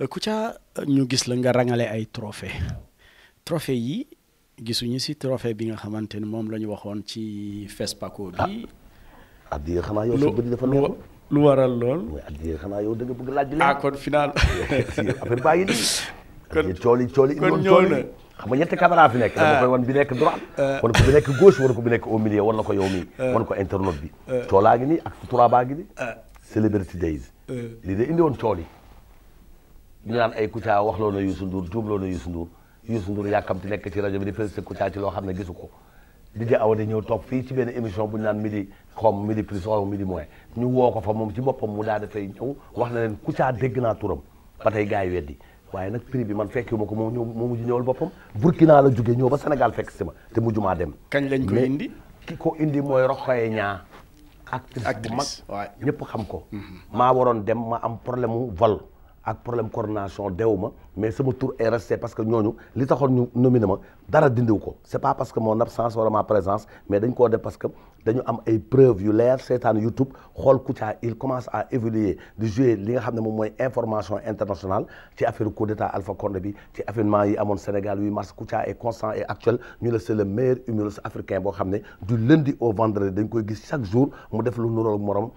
Euh, Kouthia ñu gis la nga rangale ay trophée trophée yi gisuñu si trophée bi nga xamante ni moom la ñu waxoon ci FESPACO bi. ah di xanaa yow sa bëri dafa lu waral lool. mais addi xanaa yow da nga bëgg laaj bi. ah kon final. après bàyyi nii. kon cooli cooli kon ñëw na xam nga ñetti fi nekk. Ah. dama bi nekk droite. Ah. wan nekk gauche wan ko bi nekk au milieu ko yow ah. wan ko internet bi. coolaa ngi nii ak sutura baa ngi nii. celebrity lii de indi woon cooli. ñu naan ay Kouthia waxloo na Youssou Ndour juumloo na Youssou Ndour Youssou Ndour yàkkamti nekk ci rajo bi di félicité Kouthia ci loo xam ne gisu ko awa Awade ñëw toog fii ci benn émission bu ñu naan midi xom midi plus xom midi ko fa moom ci boppam mu daal dafay ñëw wax na leen Kouthia dégg naa turam ba tey gars yi weddi waaye nag prix bi man fekki ma ko moom ñëw moo mujj ñëwal boppam Burkina la jóge ñëw ba Sénégal fekk si ma te mujjumaa dem kañ lañ ko indi ki indi mooy Roxoye Ñaa actrice bu mag ñëpp xam ko maa waroon dem ma am problème mu vol ak problème coordination deuma hommes mais sama tour est resté parce que ñooñu li taxone ñu nominé ma dara c'est pas parce que mon absence wala ma présence mais dañ ko def parce que dañu am ay preuves yu c'est un YouTube xol Kouta il commence à évoluer de jouer li nga xamné mom moy information internationale ci affaire coup d'état Alpha Condé fait ci maille à mon Sénégal 8 mars Kouta est constant et actuel ñu le seul le meilleur humoriste africain bo xamné du lundi au vendredi dañ koy chaque jour mu def lu morom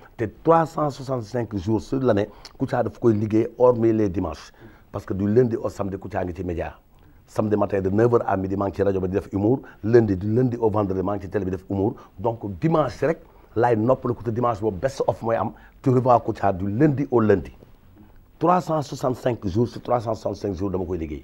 365 jours sur l'année Kouthia daf koy liguer hors les dimanches parce que du lundi au samedi couta caa média samedi matin de 9h à midi manquera ci humour lundi du lundi au vendredi maa ci télé dimanche def humour donc dimanche rek le coup de dimanche best of moi am tu revois côté du lundi au lundi 365 jours sur 365 jours dama koy